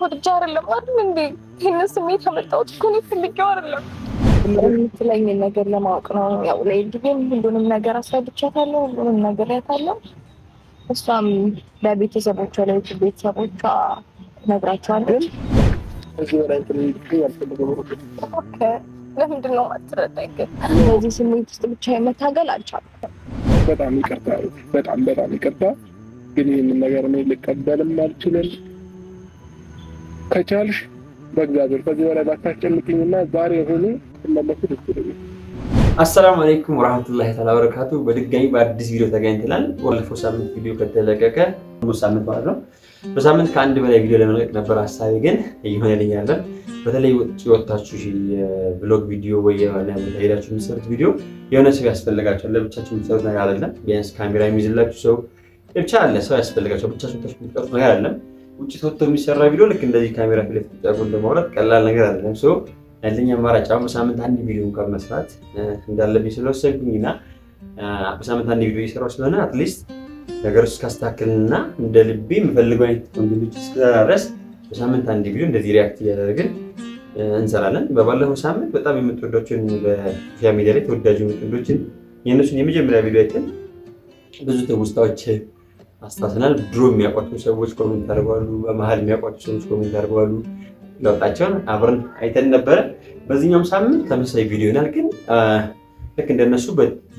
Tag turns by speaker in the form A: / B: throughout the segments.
A: ኮድጃ አይደለም አይደል እንዴ? ይህንን ስሜት ያመጣሁት እኮ እኔ ፈልጌው አይደለም። ነገር ለማወቅ ነው። ያው ለኤልዲቤም ሁሉንም ነገር አስረድቻታለሁ፣ ሁሉንም ነገር ያታለሁ። እሷም ለቤተሰቦቿ ቤተሰቦቿ ለምንድን ነው ግን ስሜት ውስጥ ብቻ የመታገል አልቻልኩም።
B: በጣም ይቅርታ፣ በጣም በጣም ይቅርታ። ግን ይህንን ነገር እኔ ልቀበልም አልችልም። ከቻልሽ በእግዚአብሔር ከዚህ በላይ ባታስጨንቅኝና ዛሬ የሆኑ ስመለሱት ይችል
C: አሰላሙ አለይኩም ወራህመቱላሂ ተዓላ በረካቱ። በድጋሚ በአዲስ ቪዲዮ ተገኝተናል። ባለፈው ሳምንት ቪዲዮ ከተለቀቀ ሙሉ ሳምንት ማለት ነው። በሳምንት ከአንድ በላይ ቪዲዮ ለመለቀቅ ነበር ሀሳቤ፣ ግን እየሆነልኝ አይደለም። በተለይ ውጭ ወጥታችሁ የብሎግ ቪዲዮ ወይሄዳችሁ ሄዳችሁ ቪዲዮ የሆነ ሰው ያስፈልጋቸዋል። ለብቻችሁ የሚሰሩት ነገር አይደለም። ቢያንስ ካሜራ የሚይዝላችሁ ሰው ብቻ አለ ሰው ያስፈልጋቸው። ብቻችሁ የምትቀሩት ነገር አይደለም። ውጭ ተወጥቶ የሚሰራ ቪዲዮ ልክ እንደዚህ ካሜራ ፊት ለፊት ጫጉን ለማውራት ቀላል ነገር አይደለም። ሰው ያለኝ አማራጭ አሁን በሳምንት አንድ ቪዲዮ እንኳን መስራት እንዳለብኝ ስለወሰንኩኝ እና በሳምንት አንድ ቪዲዮ እየሰራሁ ስለሆነ አትሊስት ነገሮች እስካስተካክልና እንደ ልቤ የምፈልገው አይነት ኮንቴንቶች እስከዛ ድረስ በሳምንት አንድ ቪዲዮ እንደዚህ ሪያክት እያደረግን እንሰራለን። በባለፈው ሳምንት በጣም የምትወዷቸውን በሶሻል ሚዲያ ላይ ተወዳጅ የሆኑ የእነሱን የመጀመሪያ ቪዲዮ አይተን ብዙ ትውስታዎች አስታውሰናል። ድሮ የሚያውቋቸው ሰዎች ኮሜንት አድርገዋሉ። በመሀል የሚያውቋቸው ሰዎች ኮሜንት አድርገዋሉ። ለውጣቸውን አብረን አይተን ነበረ። በዚህኛውም ሳምንት ተመሳሳይ ቪዲዮ ይሆናል። ግን ልክ እንደነሱ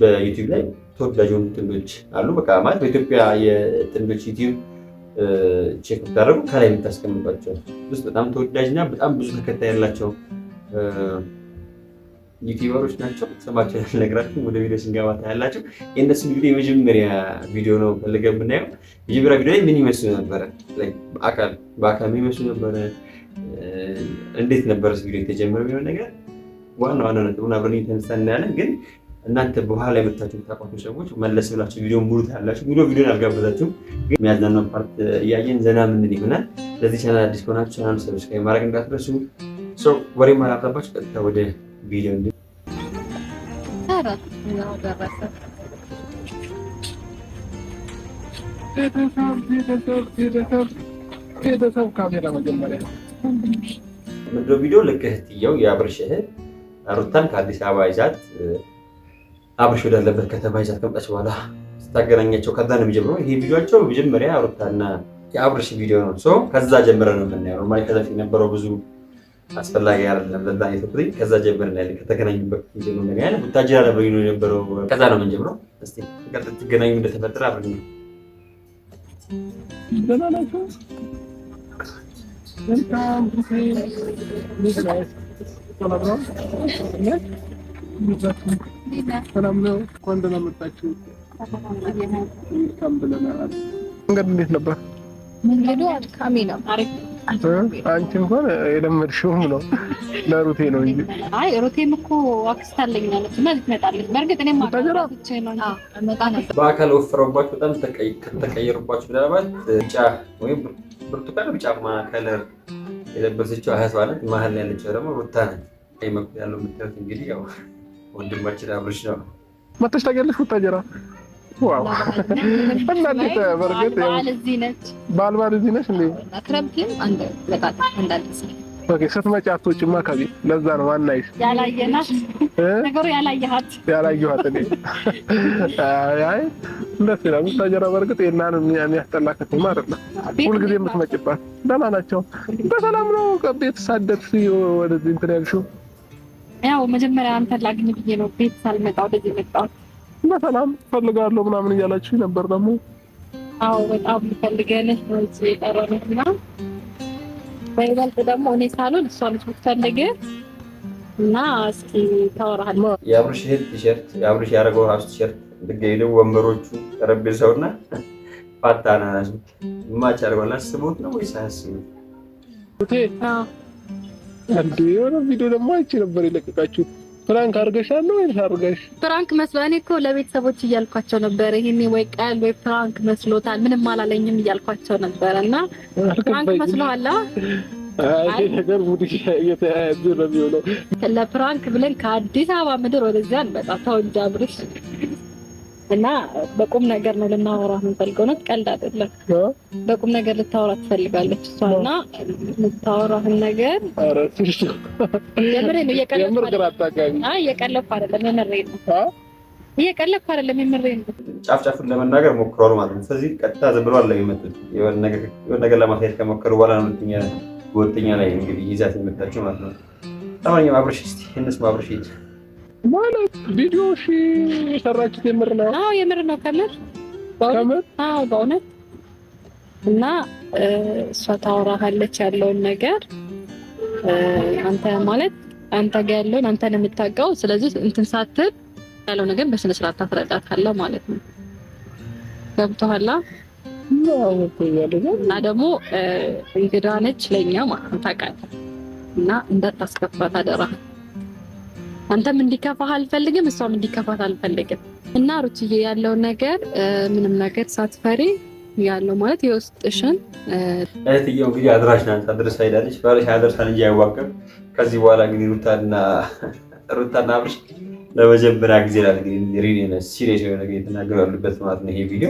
C: በዩቲዩብ ላይ ተወዳጅ የሆኑ ጥንዶች አሉ። በቃ ማለት በኢትዮጵያ የጥንዶች ዩቲዩብ ቼክ ብታደርጉ ከላይ የምታስቀምጧቸው ውስጥ በጣም ተወዳጅ እና በጣም ብዙ ተከታይ ያላቸው ዩቲዩበሮች ናቸው። ስማቸው ያልነግራችሁ ወደ ቪዲዮ ስንገባ ታያላችሁ። የእነሱ እንግዲህ የመጀመሪያ ቪዲዮ ነው ፈልገ ብናየው መጀመሪያ ቪዲዮ ላይ ምን ይመስሉ ነበረ? በአካል በአካል ምን ይመስሉ ነበረ? እንዴት ነበረ ቪዲዮ የተጀመረ የሚሆን ነገር ዋና ዋና ነጥቡን አብረን የተነሳ እናያለን። ግን እናንተ በኋላ የመታችሁ የምታውቋቸው ሰዎች መለስ ብላችሁ ቪዲዮ ሙሉ ታያላችሁ። ሙሉ ቪዲዮን አልጋበዛችሁም፣ ግን የሚያዝናናው ፓርት እያየን ዘና ምንድን ይሆናል። ለዚህ ቻናል አዲስ ከሆናችሁ ቻናል ሰብስክራይብ ማድረግ እንዳትረሱ። ሰው ወሬ አላብዛባችሁ፣ ቀጥታ ወደ ቢሊዮን
B: ቤተሰብ ካሜራ መጀመሪያ
C: ምድሮ ቪዲዮ ልክ እህትየው የአብርሽ እህት ሩታን ከአዲስ አበባ ይዛት አብርሽ ወዳለበት ከተማ ይዛት ከመጣች በኋላ ስታገናኛቸው ከዛ ነው የሚጀምረው። ይሄ ቪዲዮቸው መጀመሪያ ሩታና የአብርሽ ቪዲዮ ነው። ከዛ ጀምረ ነው የምናየው። ኖርማሊ ከዛ የነበረው ብዙ አስፈላጊ አይደለም። በዛ ነው ከዛ ጀምር ላይ ከተገናኙበት ጀምሮ ነው ያለ ቡታጅራ ለበይ ነው የነበረው። ከዛ ነው የምንጀምረው። እስቲ ከዛ ትገናኙ እንደተፈጠረ አብረን
B: ሰላም ነው። እንኳን ደህና መጣችሁ። እንዴት ነበር
A: መንገዱ? አድካሚ ነው። አሪፍ
B: አንቺ እንኳን የለመድሽውም ነው ለሩቴ ነው እንጂ።
A: አይ ሩቴም እኮ አክስት አለኝ ማለት ነው ትመጣለች። በእርግጥ እኔም ነው
C: በአካል ወፍረውባችሁ በጣም ተቀየሩባችሁ። ምናልባት ቢጫ ወይም ብርቱካን ቢጫማ ከለር የለበሰችው አያት ማለት መሀል ላይ ያለችው ደግሞ ሩታ ነች። ይመኩ ያለው ምትት እንግዲህ ያው ወንድማችን አብርሽ ነው።
B: መተሽ ታውቂያለሽ ቡታጀራ እናንተ በርግጥ ባልባል እዚህ ነሽ እንዴ?
A: አትረብም አንድ
B: ስትመጪ አትወጪማ ከቤት ለዛ ነው ማናይሽ።
A: ያላየናት ነገሩ ይላል።
B: ምታጀራ በርግጥ የናን የሚያስጠላ ከተማ አይደለም። ሁልጊዜ የምትመጪባት ደህና ናቸው። በሰላም ነው ከቤት ሳደርሽ ወደዚህ እንትን ያልሽው።
A: ያው መጀመሪያ አንተን ላግኝ ብዬ ነው ቤት ሳልመጣ ወደዚህ መጣሁ።
B: እና ፈልጋለሁ ምናምን እያላችሁ ነበር ደግሞ።
A: አዎ በጣም ፈልገንህ ነው በይበልጥ ደግሞ እኔ ሳልሆን እሷ ልጅ ብትፈልግህ እና እስኪ ታወራሃል።
C: የአብርሽ ሄድ ቲሸርት የአብርሽ ያደረገው ራሱ ቲሸርት ድገኝ ወንበሮቹ፣ ጠረጴዛው እና ፓታና ራሱ ማች አድርጓል። አስቦት ነው ወይስ አያስቡት?
B: እንዴ የሆነ ቪዲዮ ደግሞ አይቼ ነበር የለቀቃችሁት ፕራንክ አድርገሻል ነው ወይስ አድርገሽ?
A: ፕራንክ መስሎ እኔ እኮ ለቤተሰቦች እያልኳቸው ነበረ። ይሄን ወይ ቀልድ ወይ ፕራንክ መስሎታል ምንም አላለኝም እያልኳቸው ነበረ። እና ፕራንክ መስሎሃል?
B: አይ ነገር ሙዲ እየተያያዘ ነው
A: ለፕራንክ ብለን ከአዲስ አበባ ምድር ወደዚያ አንመጣ ተወንጃ ብርሽ እና በቁም ነገር ነው ልናወራ የምንፈልገው። እውነት ቀልድ አይደለም። በቁም ነገር ልታወራ ትፈልጋለች እሷ እና የምታወራህን ነገር የምሬን እየቀለፍ አይደለም፣ የምሬን ነው እየቀለፍ አይደለም፣ የምሬን ነው።
C: ጫፍጫፉን ለመናገር ሞክሯል ማለት ነው። ስለዚህ ቀጥታ ዝም ብሎ አለ የመጡት የሆነ ነገር ለማሳየት ከሞከሩ በኋላ ነው ሁለተኛ ላይ እንግዲህ ይዛት የመጣችው ማለት ነው። ለማንኛውም አብረሽ እስኪ እንስማ አብረሽ
B: ማለት ቪዲዮ እሺ፣ የሰራችሁት የምር ነው?
A: አዎ የምር ነው። ከምር
B: ከምር? አዎ በእውነት
A: እና እሷ ታወራሃለች ያለውን ነገር አንተ ማለት አንተ ጋር ያለውን አንተ ነው የምታውቀው። ስለዚህ እንትን ሳትል ያለው ነገር በስነ ስርዓት ታስረዳታለህ ማለት ነው። ገብቶሃል? እና ደግሞ እንግዳ ነች ለኛ ማለት ነው ታውቃለህ። እና እንዳታስከፋት አደራ አንተም እንዲከፋህ አልፈልግም፣ እሷም እንዲከፋት አልፈልግም። እና ሩትዬ ያለው ነገር ምንም ነገር ሳትፈሪ ያለው ማለት የውስጥሽን
C: እህትዬው እንግዲህ አድራሽ ናት፣ አድርሳ ሄዳለች። ባለሽ አደርሳን እንጂ አይዋቅም። ከዚህ በኋላ እንግዲህ ሩታና ሩታና አብርሽ ለመጀመሪያ ጊዜ ናት እንግዲህ ሲሬ ሲሆነ ነገር የተናገሩ ያሉበት ማለት ነው ይሄ ቪዲዮ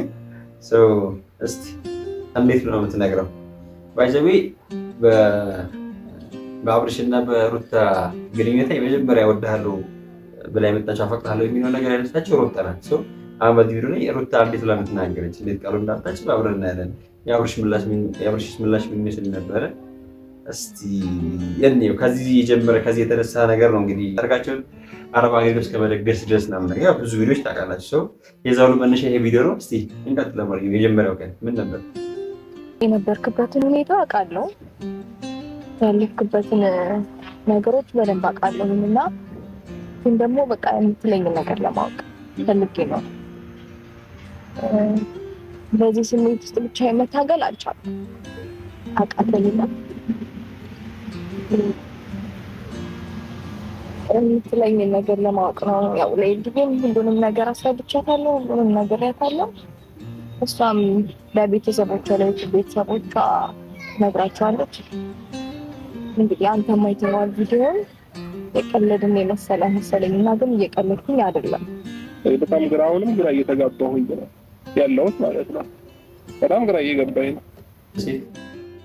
C: እስቲ እንዴት ነው የምትነግረው ባይዘዌ በአብርሽና በሩታ ግንኙነት የመጀመሪያ ወድሃለሁ ብላ የመጣች አፈቅርሃለሁ የሚለው ነገር ያነሳችው ሩታ ናት። ሰው አመት ቪዲዮ ላይ ሩታ እንዴት ለምትናገረች እንዴት ቃሉ እንዳጣች አብረን እናያለን። የአብርሽ ምላሽ ምን ይመስል ነበረ? እስቲ ከዚህ የጀመረ ከዚህ የተነሳ ነገር ነው እንግዲህ ታርጋቸውን አረብ ሀገር እስከ ከመደገስ ድረስ ምናምን ያው ብዙ ቪዲዮች ታውቃላችሁ። ሰው የዛሉ መነሻ ይሄ ቪዲዮ ነው። እስቲ እንቀጥለ። የጀመሪያው ቀን ምን ነበር?
A: የነበርክበትን ሁኔታ አውቃለሁ ያለፍክበትን ነገሮች በደንብ አውቃለሁኝ እና ግን ደግሞ በቃ የምትለኝ ነገር ለማወቅ ፈልጌ ነው። በዚህ ስሜት ውስጥ ብቻ የመታገል አልቻልኩም፣ አቃተኝና የምትለኝ ነገር ለማወቅ ነው። ያው ለኤልዲቤም ሁሉንም ነገር አስረድቻታለሁ፣ ሁሉንም ነግሬያታለሁ። እሷም ለቤተሰቦቿ ለቤተሰቦቿ ነግራቸዋለች። እንግዲህ አንተ ማይተዋል ቪዲዮን የቀለድን የመሰለ መሰለኝ እና ግን እየቀለድኩኝ አይደለም።
B: በጣም ግራ አሁንም ግራ እየተጋባሁኝ ነው ያለሁት ማለት ነው። በጣም ግራ እየገባኝ ነው።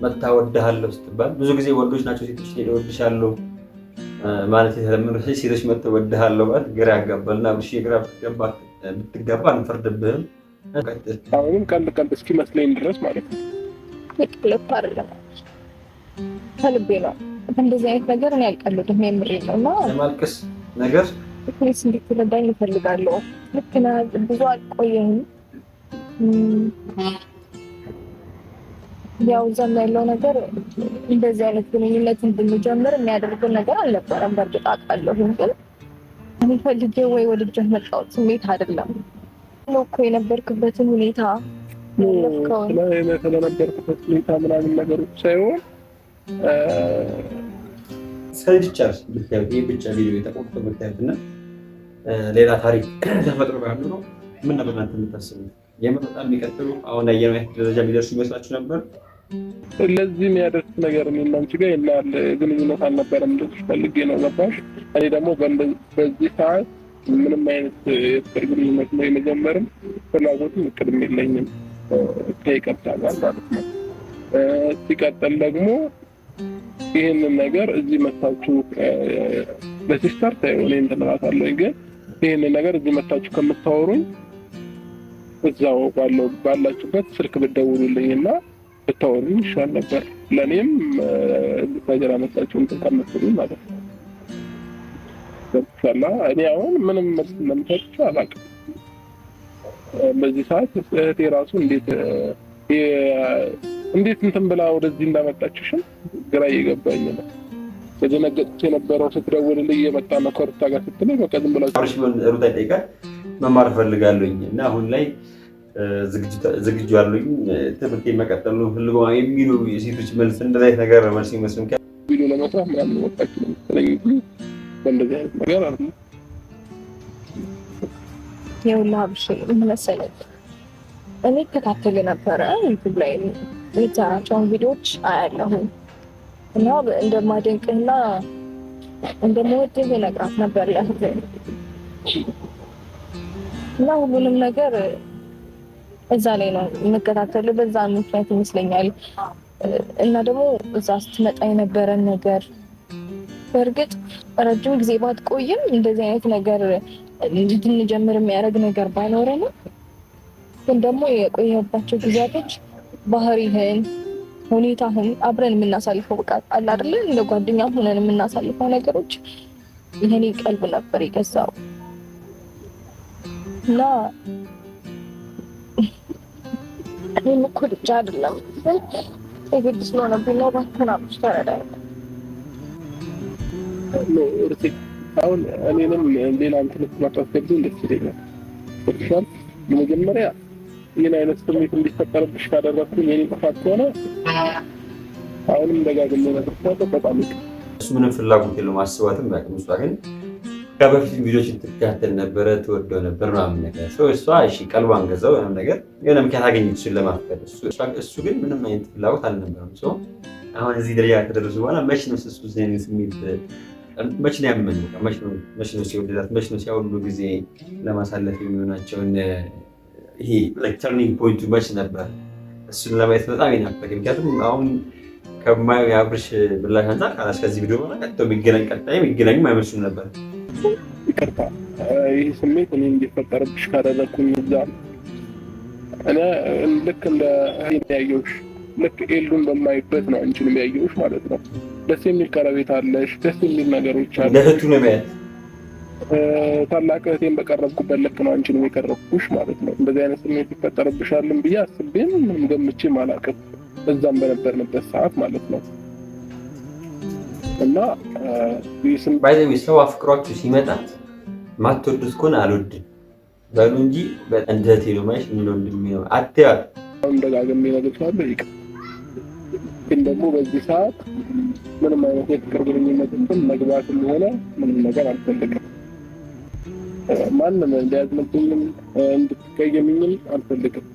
C: መታ ወድሃለሁ ስትባል ብዙ ጊዜ ወንዶች ናቸው ሴቶች ወድሻለሁ ማለት የተለመደ ሴቶች መጥ ወድሃለሁ ማለት ግራ ያጋባል እና ብሽ ግራ ብትገባ አንፈርድብህም።
B: አሁንም ቀልድ ቀልድ እስኪመስለኝ ድረስ ማለት ነው
A: የቀለድኩ አይደለም ከልቤ ነው። እንደዚህ አይነት ነገር እኔ አልቀልድም፣ የምሬ ነው። እና
B: የማልቀስ ነገር
A: ትክኒስ እንድትረዳኝ እፈልጋለሁ። ልክ ነህ። ብዙ አልቆየህም። ያው እዛም ያለው ነገር እንደዚህ አይነት ግንኙነት እንድንጀምር የሚያደርገን ነገር አልነበረም። በእርግጥ አውቃለሁ፣ ግን እኔ ፈልጌ ወይ ወድጄ መጣሁት ስሜት አይደለም እኮ የነበርክበትን ሁኔታ
B: ስለነበርክበት ሁኔታ ምናምን ነገሮች ሳይሆን
C: ሰይድ ይቻል ብታዩት ይህ ብቻ ቪዲዮ የተቆርጦ ብታዩት እና ሌላ ታሪክ ተፈጥሮ ያሉ ነው። ምን ነበር እናንተ የምታስቡ? የምር በጣም የሚቀጥሉ አሁን ያየነው ደረጃ የሚደርሱ ይመስላችሁ ነበር?
B: ለዚህ የሚያደርስ ነገር የሚናንች ጋር የላል ግንኙነት አልነበረም። እንደሱ ፈልጌ ነው ገባሽ? እኔ ደግሞ በዚህ ሰዓት ምንም አይነት የፍቅር ግንኙነት ነው የመጀመርም ፍላጎትም እቅድም የለኝም ከይቀርታል ማለት ነው። ሲቀጥል ደግሞ ይህንን ነገር እዚህ መታችሁ ለሲስተር ታይሆን እንትን እላታለሁኝ። ግን ይህንን ነገር እዚህ መታችሁ ከምታወሩኝ እዛው ባለው ባላችሁበት ስልክ ብደውሉልኝ እና ብታወሩኝ ይሻል ነበር፣ ለእኔም ልታጀራ መጣችሁ እንትን ከምትሉኝ ማለት ነው። ሰላ እኔ አሁን ምንም መልስ እንደምሰጥሽ አላውቅም። በዚህ ሰዓት እህቴ ራሱ እንዴት እንዴት እንትን ብላ ወደዚህ እንዳመጣችሽም ግራ እየገባኝ ነው። የደነገጥኩት የነበረው ስትደውልልኝ እየመጣ ነው ከሩታ ጋር ስትለኝ በቃ ዝም ብላ
C: ሩታ ይጠይቃል መማር እፈልጋለሁኝ እና አሁን ላይ ዝግጁ አለኝ ትምህርት መቀጠል ነው የሚሉ የሴቶች መልስ እንደዚ ነገር መልስ ይመስል
B: ቢሉ ለመስራት ምናምን ወጣች ነው መሰለኝ እ በእንደዚህ አይነት ነገር አለ
A: የውላ ብሽ መሰለኝ እኔ እከታተል ነበረ ዩቱብ ላይ የምትሰራቸውን ቪዲዮዎች አያለሁ እና እንደማደንቅህና እንደምወድህ ነግራት ነበር ለእህት እና ሁሉንም ነገር እዛ ላይ ነው የምከታተለው። በዛ ምክንያት ይመስለኛል እና ደግሞ እዛ ስትመጣ የነበረን ነገር በእርግጥ ረጅም ጊዜ ባትቆይም እንደዚህ አይነት ነገር እንድንጀምር የሚያደርግ ነገር ባይኖረንም ግን ደግሞ የቆየባቸው ጊዜያቶች ባህሪህን፣ ሁኔታህን አብረን የምናሳልፈው በቃ አለ አይደለ እንደ ጓደኛ ሆነን የምናሳልፈው ነገሮች የኔ ቀልብ ነበር የገዛው እና እኔም እኮ ልጅ አይደለም የግድ ስለሆነብኝ ነው። እባክህን አብሽ ተረዳኝ።
B: አሁን እኔንም ሌላ እንትን ውስጥ ማታስገቢ ደስ ይለኛል። መጀመሪያ ይህን አይነት ስሜት እንዲፈጠርብሽ ካደረግኩ የኔ ጥፋት ከሆነ አሁንም ደጋግሜ ነግሬሻለሁ። በጣም
C: እሱ ምንም ፍላጎት የለውም አስባትም ያቅም እሷ ግን ከበፊት ቪዲዮችን ትከታተል ነበረ ትወደው ነበር ምናምን ነገር ሰው እሷ እሺ ቀልቧን ገዛው ምናምን ነገር የሆነ ምክንያት አገኘች እሱን ለማፍቀድ እሱ ግን ምንም አይነት ፍላጎት አልነበረም። ሰው አሁን እዚህ ደረጃ ከደረሱ በኋላ መች ነው ስሱ ስሜት መች ነው ያመኑ መች ነው ሲወደዳት መች ነው ሲያውሉ ጊዜ ለማሳለፍ የሚሆናቸውን ይሄ ተርኒንግ ፖይንቱ መች ነበር? እሱን ለማየት በጣም ናፈቅ። ምክንያቱም አሁን ከማየው የአብርሽ ምላሽ አንጻር ካላስ ከዚህ ቪዲዮ በኋላ ቀጥቶ የሚገናኝ ቀጣይ የሚገናኝም አይመስሉም ነበር።
B: ይቅርታ ይህ ስሜት እኔ እንዲፈጠርብሽ ካደረግኩኝ እዛ እኔ ልክ እንደ ያየሁሽ ልክ ኤሉን በማይበት ነው እንችን ያየሁሽ ማለት ነው። ደስ የሚል ቀረቤት አለሽ፣ ደስ የሚል ነገሮች አለ።
C: ለህቱ ነው የሚያየት
B: ታላቅ እህቴን በቀረብኩበት ልክ ነው አንቺንም የቀረብኩሽ ማለት ነው። እንደዚህ አይነት ስሜት ይፈጠርብሻልን ብዬ አስቤም ምንም ገምቼም አላውቅም። እዛም በነበርንበት ሰዓት ማለት ነው እና
C: ባይዘዊ ሰው አፍቅሯችሁ ሲመጣ ማትወዱት ከሆነ አልወድም በሉ እንጂ እንደት ሄዶ ማሽ ምን ወንድም ነው አትያል
B: አሁን ደጋግሜ እነግርሻለሁ። ይቅ ግን ደግሞ በዚህ ሰዓት ምንም አይነት የፍቅር ግንኙነት መግባት ሆነ ምንም ነገር አልፈልግም። ማንም እንዲያዝንብኝም እንድትቀየምኝም አልፈልግም።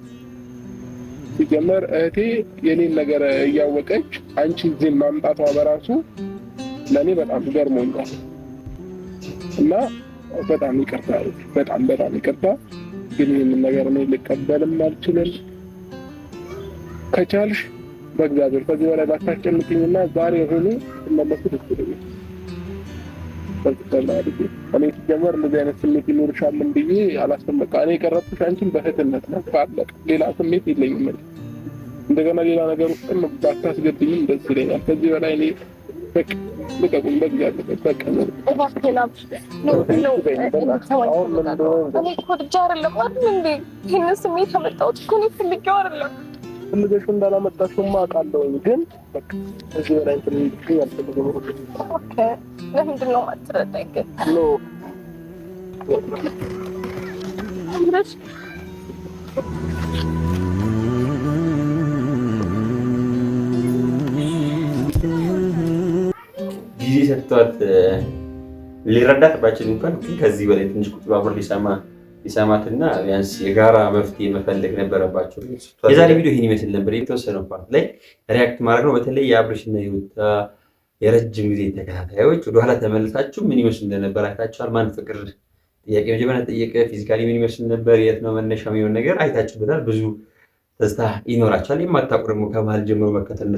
B: ሲጀመር እህቴ የኔን ነገር እያወቀች አንቺ እዚህ ማምጣቷ በራሱ ለእኔ በጣም ገርሞኛል እና በጣም ይቅርታ፣ በጣም በጣም ይቅርታ። ግን ይህንን ነገር እኔ ልቀበልም አልችልም። ከቻልሽ በእግዚአብሔር ከዚህ በላይ ባታስጨንቅኝና ዛሬ ሆኑ ስመለሱ ደስ ይለኛል። ተጠንቅቀና አድጌ እኔ ሲጀመር እንደዚህ አይነት ስሜት ይኖርሻል ብዬ አላስፈመቃ እኔ የቀረብኩሽ አንቺን በእህትነት ነው። ካለቀ ሌላ ስሜት የለኝም። እንደገና ሌላ ነገር ውስጥ ባታስገብኝም ደስ ይለኛል። ከዚህ በላይ እኔ በቃ ልቀቁኝ። በዚህ በቃ ነው።
A: እኔ ስሜት ያመጣሁት እኮ እኔ ፈልጌው አይደለም
B: ፈልገሽው እንዳላመጣሽውማ አውቃለሁኝ፣ ግን እዚህ በላይ እንትን እንድትይኝ
A: ለምንድን ነው የማትረዳኝ
C: ጊዜ ሰጥቷት ሊረዳት እንኳን ከዚህ በላይ ትንሽ ቁጭ ሊሰማ ሊሰማትና ቢያንስ የጋራ መፍትሄ መፈለግ ነበረባቸው። የዛሬ ቪዲዮ ይህን ይመስል ነበር። የተወሰነ ፓርት ላይ ሪያክት ማድረግ ነው። በተለይ የአብርሽና የሩታ የረጅም ጊዜ ተከታታዮች ወደኋላ ተመልሳችሁ ምን ይመስል እንደነበር አይታችኋል። ማን ፍቅር ጥያቄ መጀመሪያ ጠየቀ፣ ፊዚካሊ ምን ይመስል ነበር፣ የት ነው መነሻ የሚሆን ነገር አይታችሁበታል። ብዙ ተስታ ይኖራችኋል። የማታውቁ ደግሞ ከመሀል ጀምሮ መከተል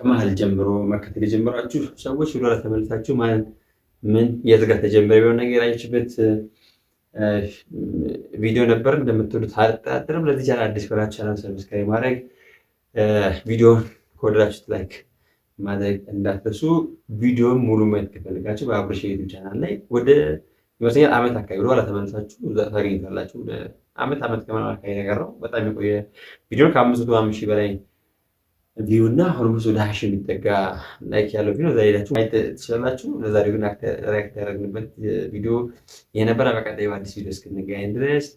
C: ከመሀል ጀምሮ መከተል የጀመራችሁ ሰዎች ወደኋላ ተመልሳችሁ ማን ምን የት ጋር ተጀመረ የሚሆን ነገር አይችበት ቪዲዮ ነበር እንደምትሉት አልጠራጠርም። ለዚህ ቻናል አዲስ ከሆናችሁ ቻናል ሰብስክራይብ ማድረግ ቪዲዮን ከወደዳችሁት ላይክ ማድረግ እንዳትረሱ። ቪዲዮን ሙሉ ማየት ከፈልጋችሁ በአብርሽ ዩቱብ ቻናል ላይ ወደ ይመስለኛል አመት አካባቢ ወደኋላ ተመልሳችሁ ታገኝታላችሁ። አመት አመት ከምናምን አካባቢ ነገር ነው። በጣም የቆየ ቪዲዮ ከአምስት መቶ አምስት ሺህ በላይ ቪው እና ኦልሞስት ወደ ሀሺ የሚጠጋ ላይክ ያለው ቪዲዮ እዛ ሄዳችሁ ማየት ትችላላችሁ። ለዛሬው ግን ሪያክት ያደረግንበት ቪዲዮ የነበረ በቀጣይ በአዲስ ቪዲዮ እስክንገናኝ ድረስ